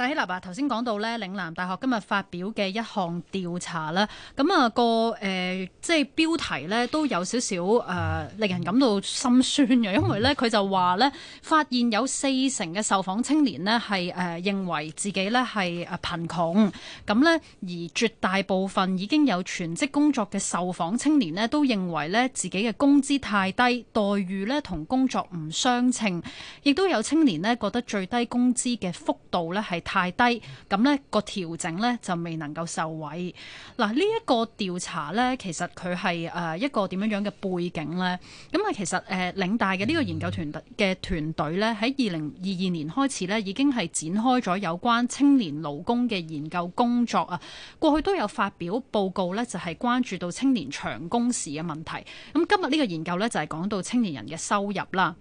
戴希立啊，頭先講到咧，嶺南大學今日發表嘅一項調查啦，咁、那、啊個誒、呃、即係標題咧都有少少誒、呃、令人感到心酸嘅，因為咧佢就話咧發現有四成嘅受訪青年呢，係、呃、誒認為自己咧係貧窮，咁呢，而絕大部分已經有全職工作嘅受訪青年呢，都認為咧自己嘅工資太低，待遇呢同工作唔相稱，亦都有青年呢，覺得最低工資嘅幅度呢係太低，咁、那、呢個調整呢就未能夠受惠。嗱、啊，呢、這、一個調查呢，其實佢係誒一個點樣樣嘅背景呢？咁啊，其實誒、呃、領大嘅呢個研究團嘅團隊呢，喺二零二二年開始呢，已經係展開咗有關青年勞工嘅研究工作啊。過去都有發表報告呢，就係關注到青年長工時嘅問題。咁今日呢個研究呢，就係講到青年人嘅收入啦。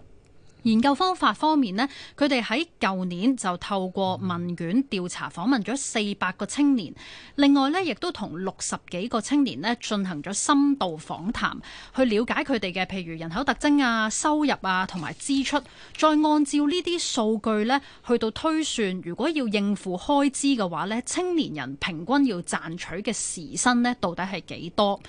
研究方法方面咧，佢哋喺舊年就透過問卷調查訪問咗四百個青年，另外咧亦都同六十幾個青年咧進行咗深度訪談，去了解佢哋嘅譬如人口特徵啊、收入啊同埋支出，再按照呢啲數據咧去到推算，如果要應付開支嘅話咧，青年人平均要賺取嘅時薪咧，到底係幾多？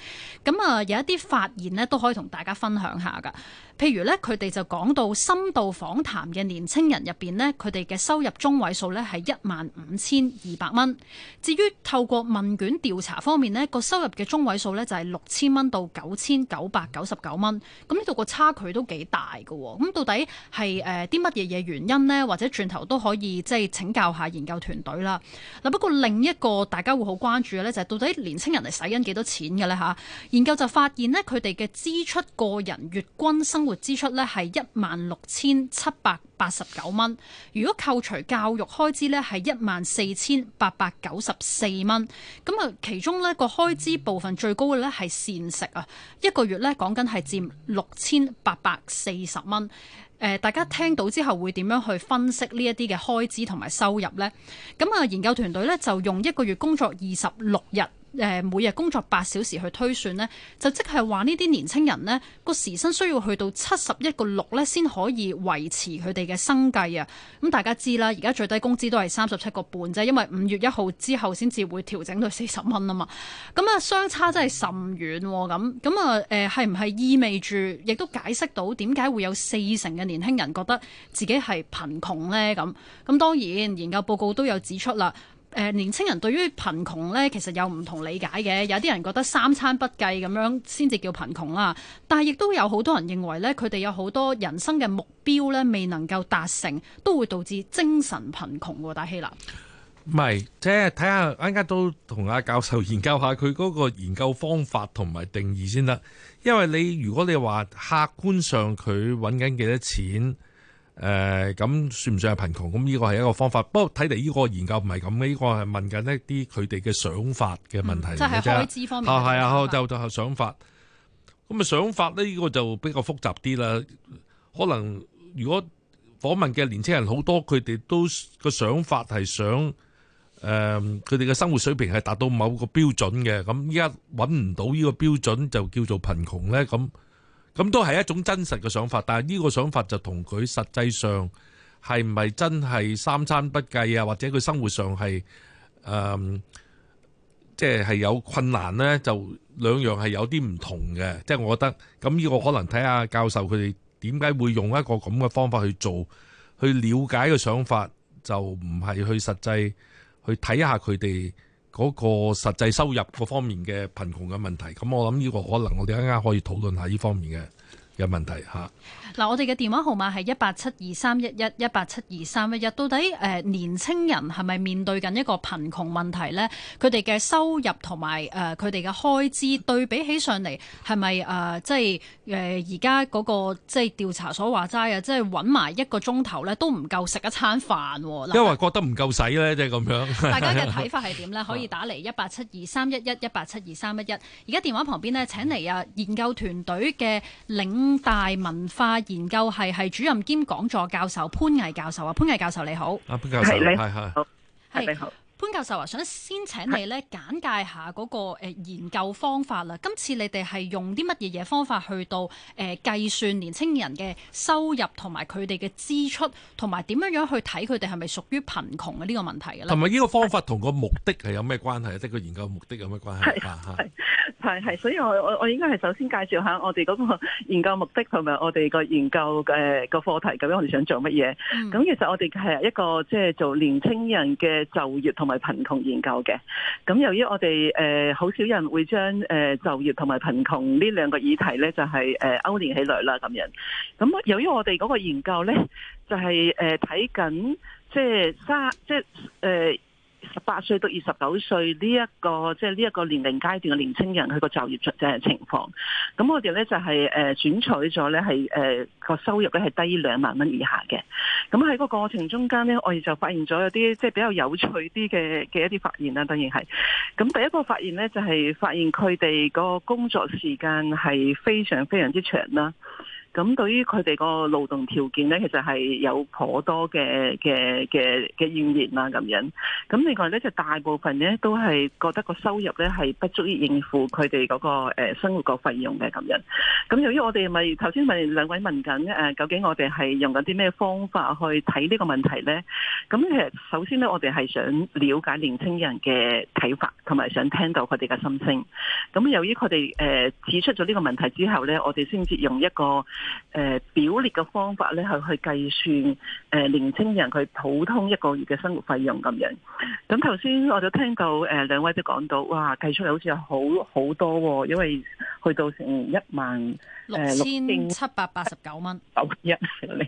咁啊，有一啲發言咧都可以同大家分享下噶，譬如咧佢哋就講到深。深度訪談嘅年青人入邊呢，佢哋嘅收入中位數呢，係一萬五千二百蚊。至於透過問卷調查方面呢，個收入嘅中位數呢，就係六千蚊到九千九百九十九蚊。咁呢度個差距都幾大㗎喎。咁到底係誒啲乜嘢嘢原因呢？或者轉頭都可以即係請教下研究團隊啦。嗱，不過另一個大家會好關注嘅呢，就係，就係到底年青人係使緊幾多錢嘅呢？嚇？研究就發現呢，佢哋嘅支出，個人月均生活支出呢，係一萬六。千七百八十九蚊，如果扣除教育開支呢，係一萬四千八百九十四蚊。咁啊，其中呢個開支部分最高嘅呢，係膳食啊，一個月呢，講緊係佔六千八百四十蚊。誒，大家聽到之後會點樣去分析呢一啲嘅開支同埋收入呢？咁啊，研究團隊呢，就用一個月工作二十六日。誒每日工作八小時去推算呢，就即係話呢啲年輕人呢個時薪需要去到七十一個六呢，先可以維持佢哋嘅生計啊！咁大家知啦，而家最低工資都係三十七個半啫，因為五月一號之後先至會調整到四十蚊啊嘛。咁啊，相差真係甚遠喎！咁咁啊，誒係唔係意味住亦都解釋到點解會有四成嘅年輕人覺得自己係貧窮呢？咁咁當然研究報告都有指出啦。誒年青人對於貧窮呢，其實有唔同的理解嘅。有啲人覺得三餐不計咁樣先至叫貧窮啦，但係亦都有好多人認為呢，佢哋有好多人生嘅目標呢，未能夠達成，都會導致精神貧窮嘅。大希南唔係，即係睇下啱啱都同阿教授研究下佢嗰個研究方法同埋定義先得。因為你如果你話客觀上佢揾緊幾多錢。誒咁算唔算係貧窮？咁呢個係一個方法。不過睇嚟呢個研究唔係咁，呢個係問緊一啲佢哋嘅想法嘅問題。嗯、即係開支方面。啊，係、啊嗯、就就係想法。咁啊，想法呢、呢個就比較複雜啲啦。可能如果訪問嘅年青人好多，佢哋都個想法係想誒，佢哋嘅生活水平係達到某個標準嘅。咁依家揾唔到呢個標準，就叫做貧窮咧。咁。咁都係一種真實嘅想法，但係呢個想法就同佢實際上係唔係真係三餐不計啊，或者佢生活上係即係係有困難呢，就兩樣係有啲唔同嘅。即係我覺得，咁呢個可能睇下教授佢哋點解會用一個咁嘅方法去做，去了解嘅想法，就唔係去實際去睇下佢哋。嗰個實際收入嗰方面嘅貧窮嘅問題，咁我諗呢個可能我哋一陣間可以討論下呢方面嘅。嘅問題吓嗱，我哋嘅電話號碼係一八七二三一一一八七二三一一。到底、呃、年青人係咪面對緊一個貧窮問題呢？佢哋嘅收入同埋誒佢哋嘅開支對比起上嚟係咪誒即係誒而家嗰個即係調查所話齋啊？即係揾埋一個鐘頭呢，都唔夠食一餐飯，因為覺得唔夠使呢，即係咁樣。大家嘅睇法係點呢？可以打嚟一八七二三一一一八七二三一一。而家電話旁邊呢，請嚟啊研究團隊嘅領大文化研究系系主任兼講座教授潘毅教授啊，潘毅教授你好，啊潘、啊、教授，係係好，係你好。潘教授話想先請你咧簡介下嗰個誒研究方法啦。今次你哋係用啲乜嘢嘢方法去到誒計算，年青人嘅收入同埋佢哋嘅支出，同埋點樣樣去睇佢哋係咪屬於貧窮嘅呢個問題咧？同埋呢個方法同個目的係有咩關係，即係個研究目的有咩關係，係係所以我我我應該係首先介紹下我哋嗰個研究目的同埋我哋個研究誒個課題，究竟我哋想做乜嘢？咁其實我哋係一個即係、就是、做年青人嘅就業同貧窮研究嘅，咁由於我哋誒好少人會將誒、呃、就業同埋貧窮呢兩個議題咧，就係誒勾連起來啦咁樣。咁由於我哋嗰個研究咧，就係誒睇緊即係即係誒。呃十八歲到二十九歲呢一個即係呢一個年齡階段嘅年青人佢個就業誒情況，咁我哋咧就係誒選取咗咧係誒個收入咧係低於兩萬蚊以下嘅，咁喺個過程中間咧我哋就發現咗有啲即係比較有趣啲嘅嘅一啲發現啦，當然係，咁第一個發現咧就係發現佢哋個工作時間係非常非常之長啦。咁對於佢哋個勞動條件咧，其實係有頗多嘅嘅嘅嘅怨言啊咁樣。咁另外咧，就係、大部分咧都係覺得個收入咧係不足以應付佢哋嗰個、呃、生活個費用嘅咁樣。咁由於我哋咪頭先咪兩位問緊、啊、究竟我哋係用緊啲咩方法去睇呢個問題咧？咁其實首先咧，我哋係想了解年青人嘅睇法，同埋想聽到佢哋嘅心聲。咁由於佢哋誒指出咗呢個問題之後咧，我哋先至用一個。誒、呃，表列嘅方法咧，係去計算誒、呃，年青人佢普通一個月嘅生活費用咁樣。咁頭先我就聽到誒兩、呃、位都講到，哇，計出嚟好似好好多、哦，因為去到成一萬六千零七百八,八十九蚊九一咁。嗯嗯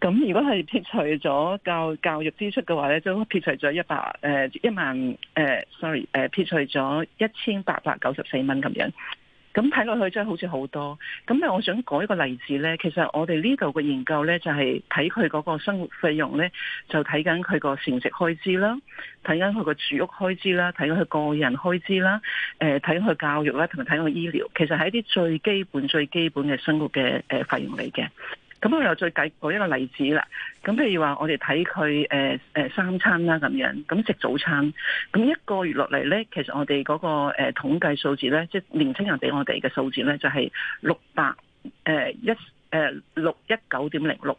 嗯、如果係撇除咗教教育支出嘅話咧，就撇除咗一百誒、呃、一萬誒、呃、，sorry，誒、呃、撇除咗一千八百九十四蚊咁樣。咁睇落去真係好似好多，咁我想舉一個例子呢，其實我哋呢度嘅研究呢，就係睇佢嗰個生活費用呢，就睇緊佢個膳食開支啦，睇緊佢個住屋開支啦，睇緊佢個人開支啦，誒、呃，睇緊佢教育啦，同埋睇緊佢醫療，其實係一啲最基本、最基本嘅生活嘅誒費用嚟嘅。咁我又再舉一個例子啦。咁譬如話，我哋睇佢誒三餐啦，咁樣咁食早餐。咁一個月落嚟咧，其實我哋嗰個誒統計數字咧，即係年輕人俾我哋嘅數字咧，就係六百誒一誒六一九點零六。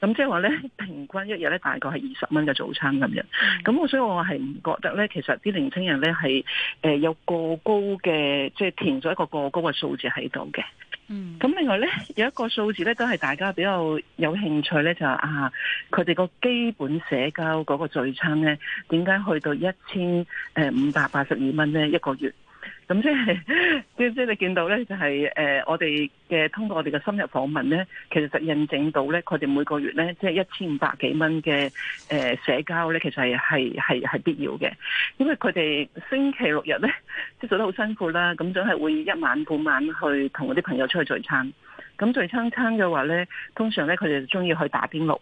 咁即係話咧，平均一日咧，大概係二十蚊嘅早餐咁樣。咁我所以我係唔覺得咧，其實啲年輕人咧係誒有過高嘅，即係填咗一個過高嘅數字喺度嘅。咁、嗯、另外呢，有一個數字呢都係大家比較有興趣呢，就係、話、啊，佢哋個基本社交嗰個聚餐呢，點解去到一千誒五百八十二蚊呢一個月？咁即係即即係你見到咧，就係、誒、我哋嘅通過我哋嘅深入訪問咧，其實就印證到咧，佢哋每個月咧即係一千五百幾蚊嘅誒社交咧，其實係係係必要嘅，因為佢哋星期六日咧即係做得好辛苦啦，咁總係會一晚半晚去同啲朋友出去聚餐。咁聚餐餐嘅話咧，通常咧佢哋中意去打邊爐，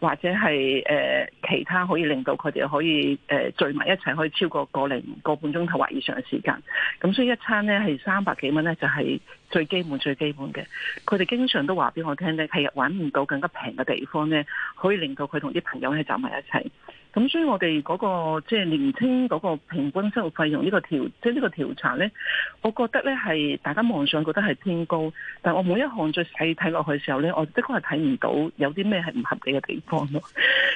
或者係、呃、其他可以令到佢哋可以誒聚埋一齊，可以超過個零個半鐘頭或以上嘅時間咁。所以一餐咧係三百幾蚊咧，就係、是、最基本最基本嘅。佢哋經常都話俾我聽咧，係揾唔到更加平嘅地方咧，可以令到佢同啲朋友係站埋一齊。咁所以我哋嗰、那個即係、就是、年輕嗰個平均生活費用這個調、就是、這個調呢個調，即係呢個調查咧，我覺得咧係大家望上覺得係偏高，但我每一項最細睇落去嘅時候咧，我的確係睇唔到有啲咩係唔合理嘅地方咯。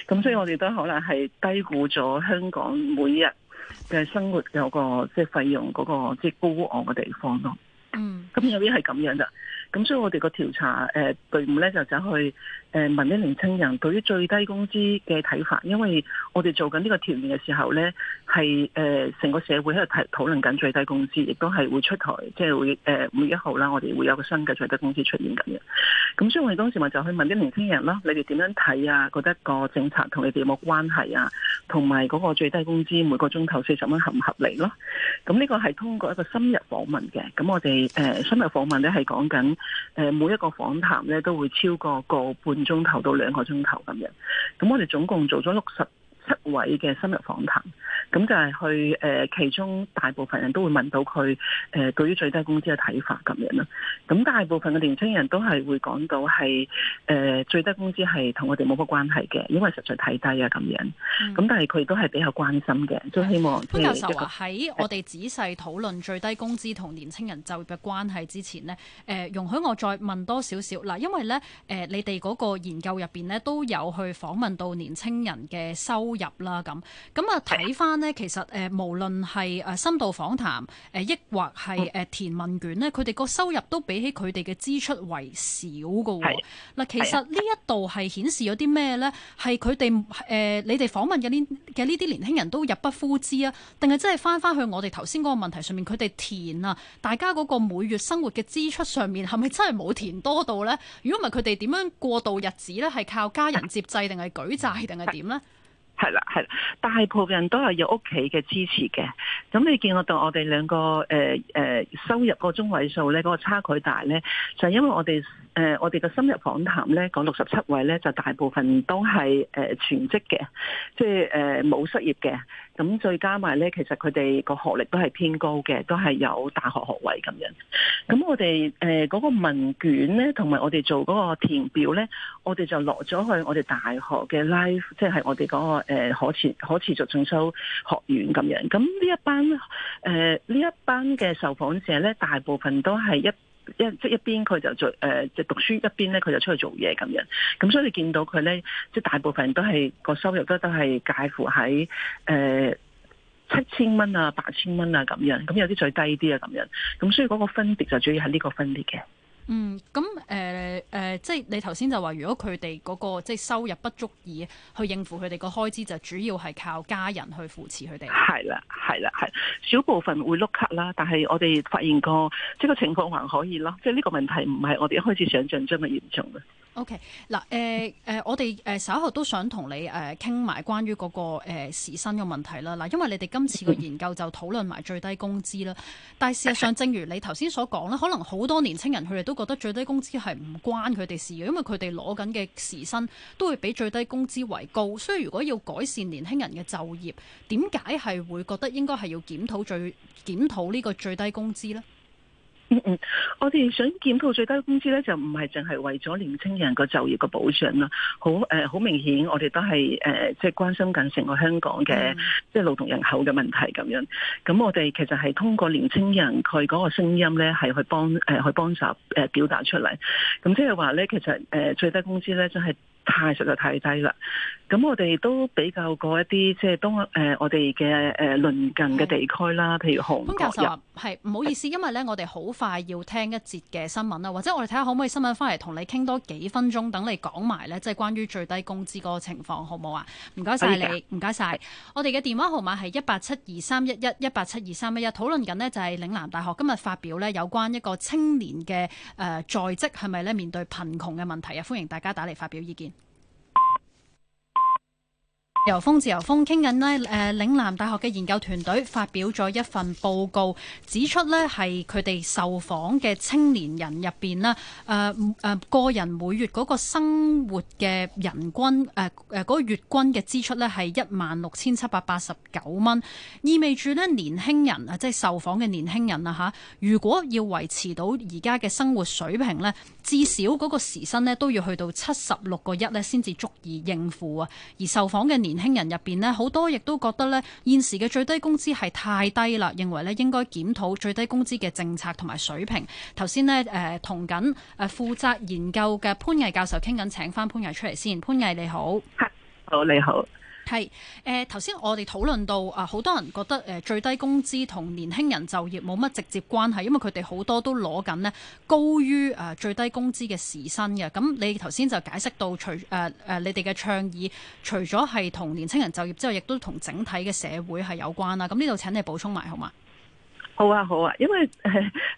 咁所以我哋都可能係低估咗香港每日，嘅生活有個即係費用嗰個即係高昂嘅地方咯，嗯，咁有啲係咁樣嘅，咁所以我哋個調查誒隊伍咧就走去。誒問啲年輕人對於最低工資嘅睇法，因為我哋做緊呢個調研嘅時候呢，係誒成個社會喺度提討論緊最低工資，亦都係會出台，即係會誒每一號啦，呃、我哋會有個新嘅最低工資出現緊嘅。咁、嗯、所以我哋當時咪就去問啲年輕人啦，你哋點樣睇啊？覺得個政策同你哋有冇關係啊？同埋嗰個最低工資每個鐘頭四十蚊合唔合理咯，啊？咁呢個係通過一個深入訪問嘅。咁我哋誒、呃、深入訪問呢，係講緊誒每一個訪談呢，都會超過個半鐘頭到兩個鐘頭咁樣，咁我哋總共做咗六十七位嘅深入訪談，咁就係去誒，其中大部分人都會問到佢，誒對於最低工資嘅睇法咁樣啦。咁大部分嘅年輕人都係會講到係誒最低工資係同我哋冇乜關係嘅，因為實在太低啊咁樣。咁但係佢都係比較關心嘅，都希望潘教授話喺我哋仔細討論最低工資同年青人就業嘅關係之前咧，誒、呃、容許我再問多少少嗱，因為咧誒、呃、你哋嗰個研究入邊咧都有去訪問到年青人嘅收入啦咁咁啊！睇翻咧，其實誒無論係深度訪談誒，抑或係誒填問卷咧，佢哋個收入都比起佢哋嘅支出為少㗎嗱，其實呢一度係顯示咗啲咩咧？係佢哋你哋訪問嘅呢嘅呢啲年輕人都入不敷支啊？定係真係翻翻去我哋頭先嗰個問題上面，佢哋填啊，大家嗰個每月生活嘅支出上面係咪真係冇填多到咧？如果唔佢哋點樣過度日子咧？係靠家人接濟，定係舉債，定係點咧？係啦，係啦，大部分人都係有屋企嘅支持嘅。咁你見我到我哋兩個誒誒、呃呃、收入個中位數咧，嗰、那個差距大咧，就係、因為我哋誒、呃、我哋嘅深入訪談咧，講六十七位咧，就大部分都係誒、呃、全職嘅，即係誒冇失業嘅。咁再加埋咧，其實佢哋個學歷都係偏高嘅，都係有大學學位咁樣。咁我哋誒嗰個問卷咧，同埋我哋做嗰個填表咧，我哋就落咗去我哋大學嘅 live，即係我哋嗰、那個。誒，可持可持續進修學院咁樣，咁呢一班，誒、呃、呢一班嘅受訪者咧，大部分都係一一即一邊佢就做，誒、呃、即、就是、讀書一邊咧佢就出去做嘢咁樣，咁所以你見到佢咧，即、就、係、是、大部分都係個收入都都係介乎喺，誒七千蚊啊八千蚊啊咁樣，咁有啲再低啲啊咁樣，咁所以嗰個分別就主要係呢個分別嘅。嗯，咁誒誒，即你頭先就話，如果佢哋嗰個即收入不足以去應付佢哋個開支，就主要係靠家人去扶持佢哋。係啦，係啦，係，少部分會碌卡啦，但係我哋發現個即係個情況還可以咯，即係呢個問題唔係我哋一開始想象咁嘅嚴重。OK，嗱、呃，誒、呃、誒，我哋誒稍後都想同你誒傾埋關於嗰個誒時薪嘅問題啦。嗱，因為你哋今次嘅研究就討論埋最低工資啦。但係事實上，正如你頭先所講咧，可能好多年青人佢哋都覺得最低工資係唔關佢哋事嘅，因為佢哋攞緊嘅時薪都會比最低工資為高。所以如果要改善年輕人嘅就業，點解係會覺得應該係要檢討最檢討呢個最低工資呢？嗯嗯， 我哋想檢討最低工資咧，就唔係淨係為咗年青人個就業個保障啦。好誒，好明顯，我哋都係誒，即係關心緊成個香港嘅即係勞動人口嘅問題咁樣。咁我哋其實係通過年青人佢嗰個聲音咧，係去幫誒去幫助誒表達出嚟。咁即係話咧，其實誒最低工資咧，就係、是。太實在太低啦！咁我哋都比較過一啲，即係當、呃、我哋嘅誒鄰近嘅地區啦，譬如韓國。潘教授話係唔好意思，因為咧我哋好快要聽一節嘅新聞啦，或者我哋睇下可唔可以新聞翻嚟同你傾多幾分鐘，等你講埋咧，即係關於最低工資個情況，好冇啊？唔該晒你，唔該晒。的我哋嘅電話號碼係一八七二三一一一八七二三一一。討論緊呢，就係嶺南大學今日發表呢有關一個青年嘅誒在職係咪咧面對貧窮嘅問題啊！歡迎大家打嚟發表意見。由風，自由風，傾緊呢，誒、呃，嶺南大學嘅研究團隊發表咗一份報告，指出呢係佢哋受訪嘅青年人入邊呢誒誒，個人每月嗰個生活嘅人均誒誒嗰個月均嘅支出呢係一萬六千七百八十九蚊，意味住呢，年輕人啊，即係受訪嘅年輕人啊吓，如果要維持到而家嘅生活水平呢，至少嗰個時薪呢都要去到七十六個一呢先至足以應付啊。而受訪嘅年，年輕人入面咧，好多亦都覺得咧，現時嘅最低工資係太低啦，認為咧應該檢討最低工資嘅政策同埋水平。頭先咧，誒同緊誒負責研究嘅潘毅教授傾緊，請返潘毅出嚟先。潘毅你好，好，你好。係誒，頭先、呃、我哋討論到啊，好、呃、多人覺得誒最低工資同年輕人就業冇乜直接關係，因為佢哋好多都攞緊呢高於、呃、最低工資嘅時薪嘅。咁你頭先就解釋到除，除、呃呃、你哋嘅倡議除咗係同年輕人就業之外，亦都同整體嘅社會係有關啦。咁呢度請你補充埋好嘛？好啊好啊，因為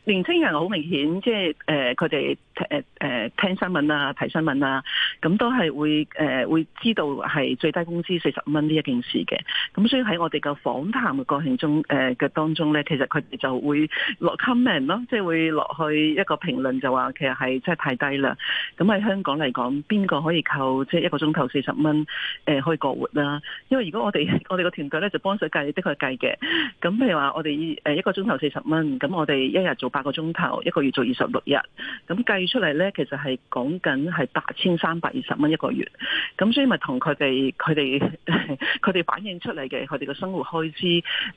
年輕人好明顯，即係誒佢哋誒誒聽新聞啊、睇新聞啊，咁都係會誒、呃、會知道係最低工資四十蚊呢一件事嘅。咁所以喺我哋嘅訪談嘅過程中，誒、呃、嘅當中咧，其實佢哋就會落 comment 咯，即係會落去一個評論就說，就話其實係真係太低啦。咁喺香港嚟講，邊個可以靠即係一個鐘頭四十蚊誒可以過活啦？因為如果我哋我哋個團隊咧就幫手計，的確係計嘅。咁譬如話，我哋誒一個鐘頭四十蚊，咁我哋一日做八個鐘頭，一個月做二十六日，咁計出嚟呢，其實係講緊係八千三百二十蚊一個月，咁所以咪同佢哋佢哋佢哋反映出嚟嘅佢哋嘅生活開支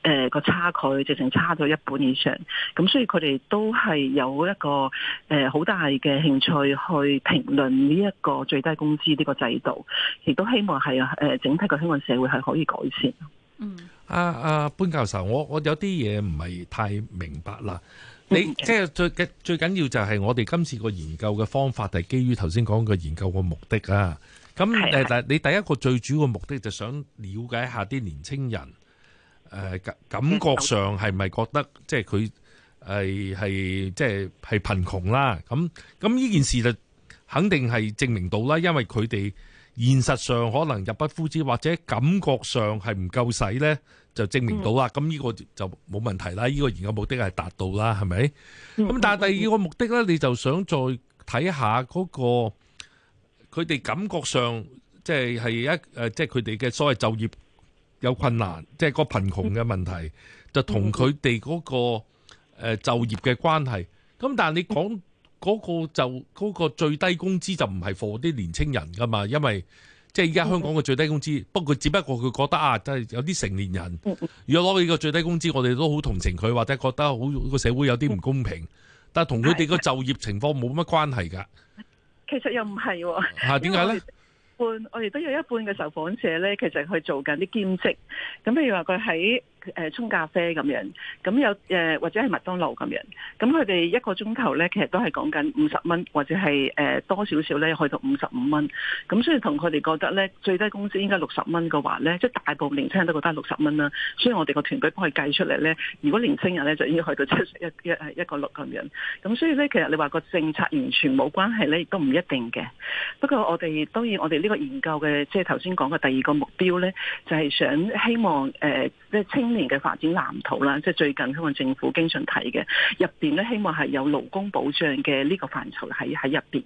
誒個差距，直情差咗一半以上，咁所以佢哋都係有一個誒好大嘅興趣去評論呢一個最低工資呢個制度，亦都希望係誒整體嘅香港社會係可以改善，嗯。啊啊，潘、啊、教授，我我有啲嘢唔係太明白啦。你、嗯、即係最緊最緊要就係我哋今次個研究嘅方法係基於頭先講個研究嘅目的啊。咁但的、呃、你第一個最主要的目的就想了解一下啲年青人誒、呃，感感覺上係咪覺得即係佢誒，係、呃、即係係貧窮啦？咁咁呢件事就肯定係證明到啦，因為佢哋現實上可能入不敷支，或者感覺上係唔夠使咧。就證明到啦，咁呢個就冇問題啦，呢個研究目的係達到啦，係咪？咁、嗯、但係第二個目的呢，你就想再睇下嗰個佢哋感覺上即係係一即係佢哋嘅所謂就業有困難，即係個貧窮嘅問題，就同佢哋嗰個就業嘅關係。咁但你講嗰個就嗰個最低工資就唔係貨啲年青人噶嘛，因為。即係依家香港嘅最低工資，不過只不過佢覺得啊，即係有啲成年人，如果攞呢個最低工資，我哋都好同情佢，或者覺得好個社會有啲唔公平，但係同佢哋個就業情況冇乜關係㗎。其實又唔係喎。嚇、啊？點解咧？我半我哋都有一半嘅受訪者咧，其實去做緊啲兼職，咁譬如話佢喺。誒、呃、沖咖啡咁樣，咁有誒、呃、或者係麥當勞咁樣，咁佢哋一個鐘頭咧，其實都係講緊五十蚊，或者係誒、呃、多少少咧，去到五十五蚊。咁所以同佢哋覺得咧，最低工資應該六十蚊嘅話咧，即、就、係、是、大部分年輕人都覺得六十蚊啦。所以我哋個團隊幫佢計出嚟咧，如果年輕人咧就應該去到七一一一個六咁樣。咁所以咧，其實你話個政策完全冇關係咧，亦都唔一定嘅。不過我哋當然我哋呢個研究嘅即係頭先講嘅第二個目標咧，就係、是、想希望誒即係青。呃清今年嘅發展藍圖啦，即係最近香港政府經常睇嘅，入邊咧希望係有勞工保障嘅呢個範疇喺喺入邊。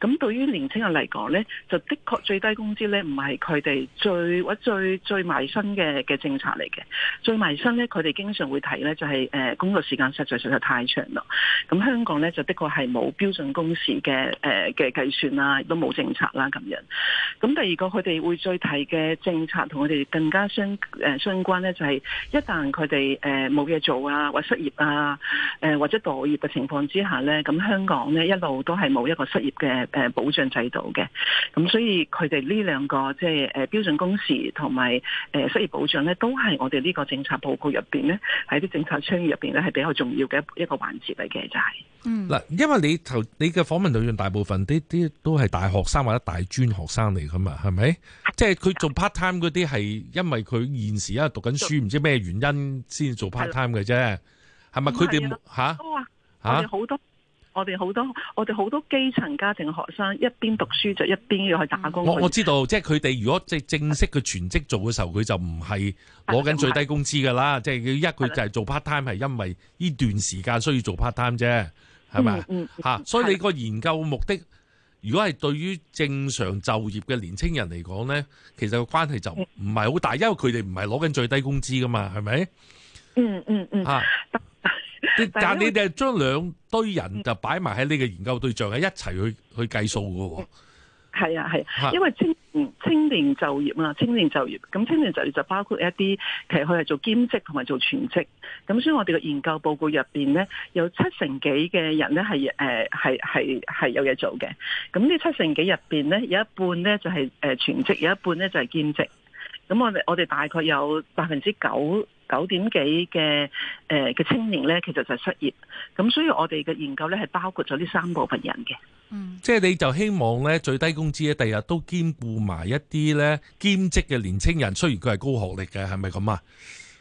咁對於年青人嚟講咧，就的確最低工資咧唔係佢哋最或最最埋身嘅嘅政策嚟嘅。最埋身咧，佢哋經常會睇咧就係誒工作時間實在實在，實在太長啦。咁香港咧就的確係冇標準工時嘅誒嘅計算啦，亦都冇政策啦咁樣。咁第二個佢哋會再提嘅政策同佢哋更加相誒相關咧，就係、是。一旦佢哋誒冇嘢做啊，或失業啊，誒、呃、或者待業嘅情況之下咧，咁香港咧一路都係冇一個失業嘅誒、呃、保障制度嘅，咁所以佢哋呢兩個即係誒、呃、標準工時同埋誒失業保障咧，都係我哋呢個政策報告入邊咧喺啲政策倡議入邊咧係比較重要嘅一個環節嚟嘅就係、是。嗱，嗯、因為你頭你嘅訪問就大部分啲啲都係大學生或者大專學生嚟噶嘛，係咪？即係佢做 part time 嗰啲係因為佢現時喺度讀緊書唔做知咩原因先做 part time 嘅啫，係咪的？佢哋吓我哋好多，我哋好多，我哋好多基層家庭學生一邊讀書就一邊要去打工。我知道，即係佢哋如果即係正式嘅全職做嘅時候，佢就唔係攞緊最低工資噶啦。即係一佢就係做 part time 係因為呢段時間需要做 part time 啫。係咪、嗯嗯、啊？嚇！所以你個研究目的，是的如果係對於正常就業嘅年青人嚟講咧，其實個關係就唔係好大，嗯、因為佢哋唔係攞緊最低工資噶嘛，係咪、嗯？嗯嗯嗯。嚇、啊！但，但你哋係將兩堆人就擺埋喺呢個研究對象起，係一齊去去計數噶喎。嗯嗯嗯。係啊係，是啊是啊，因為青青年就業嘛，青年就業，咁青,青年就業就包括一啲，其實佢係做兼職同埋做全職，咁所以我哋個研究報告入邊咧，有七成幾嘅人咧係誒係係係有嘢做嘅，咁呢七成幾入邊咧有一半咧就係誒全職，有一半咧就係，是呃就是，兼職，咁我哋我哋大概有百分之九。九點幾嘅誒嘅青年呢，其實就係失業，咁所以我哋嘅研究呢，係包括咗呢三部分人嘅，嗯，即係你就希望呢最低工資呢，第日都兼顧埋一啲呢兼職嘅年青人，雖然佢係高學歷嘅，係咪咁啊？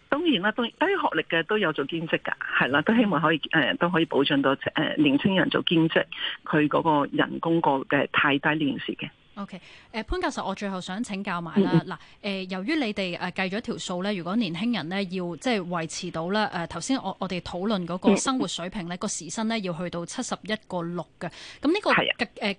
當然啦，低學歷嘅都有做兼職噶，係啦，都希望可以誒、呃、都可以保障到年青人做兼職佢嗰個人工個嘅太低廉事嘅。OK，潘教授，我最後想請教埋啦。嗱、mm，hmm. 由於你哋誒計咗條數咧，如果年輕人咧要即係維持到咧，誒頭先我我哋討論嗰個生活水平咧，個、mm hmm. 時薪咧要去到七十一個六嘅。咁呢個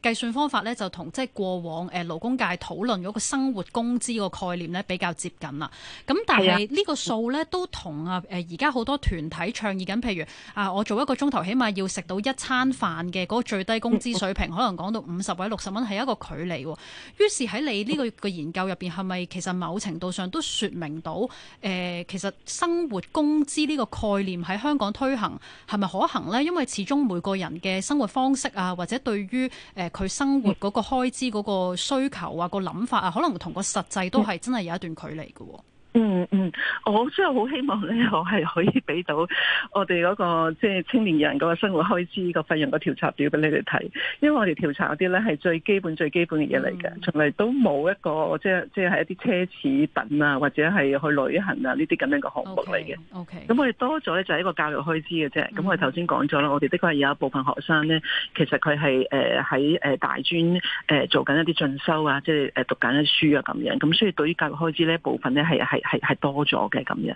計算方法咧，就同即係過往誒勞工界討論嗰個生活工資個概念咧比較接近啦。咁但係呢個數咧都同啊而家好多團體倡議緊，譬如啊我做一個鐘頭，起碼要食到一餐飯嘅嗰個最低工資水平，mm hmm. 可能講到五十或者六十蚊，係一個距離。於是喺你呢個嘅研究入邊，係咪其實某程度上都說明到，呃、其實生活工資呢個概念喺香港推行係咪可行呢？因為始終每個人嘅生活方式啊，或者對於誒佢、呃、生活嗰個開支嗰個需求啊，個諗法啊，可能同個實際都係真係有一段距離嘅、啊。嗯嗯，我真係好希望咧，我係可以俾到我哋嗰、那個即係、就是、青年人嗰個生活開支、這個費用個調查表俾你哋睇，因為我哋調查嗰啲咧係最基本最基本嘅嘢嚟嘅，嗯、從來都冇一個即係即係係一啲奢侈品啊，或者係去旅行啊呢啲咁樣嘅項目嚟嘅。OK，咁我哋多咗咧就係一個教育開支嘅啫。咁、嗯、我哋頭先講咗啦，我哋的確係有一部分學生咧，其實佢係誒喺誒大專誒、呃、做緊一啲進修啊，即係誒讀緊一啲書啊咁樣。咁所以對於教育開支咧部分咧係係。係係多咗嘅咁樣，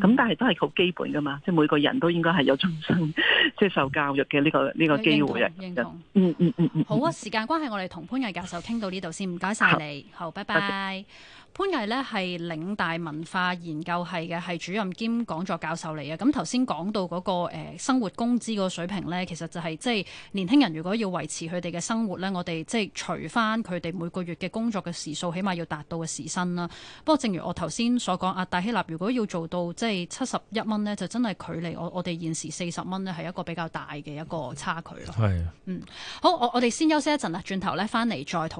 咁但係都係好基本噶嘛，即係每個人都應該係有終身即係受教育嘅、呢、這個呢、這個機會嘅。認同，嗯嗯嗯嗯。嗯嗯好啊，時間關係，我哋同潘毅教授傾到呢度先，唔該晒你。好，好，拜拜。謝謝。潘毅咧係嶺大文化研究系嘅系主任兼講座教授嚟嘅，咁頭先講到嗰、那個誒、呃、生活工資個水平咧,其實就係、是、即係年輕人如果要維持佢哋嘅生活咧，我哋即係除翻佢哋每個月嘅工作嘅時數，起碼要達到嘅時薪啦。不過正如我頭先所講啊，阿大希臘如果要做到即係七十一蚊咧，71, 就真係距離我我哋現時四十蚊咧係一個比較大嘅一個差距啦。係，的嗯，好，我我哋先休息一陣啦，轉頭咧翻嚟再討論。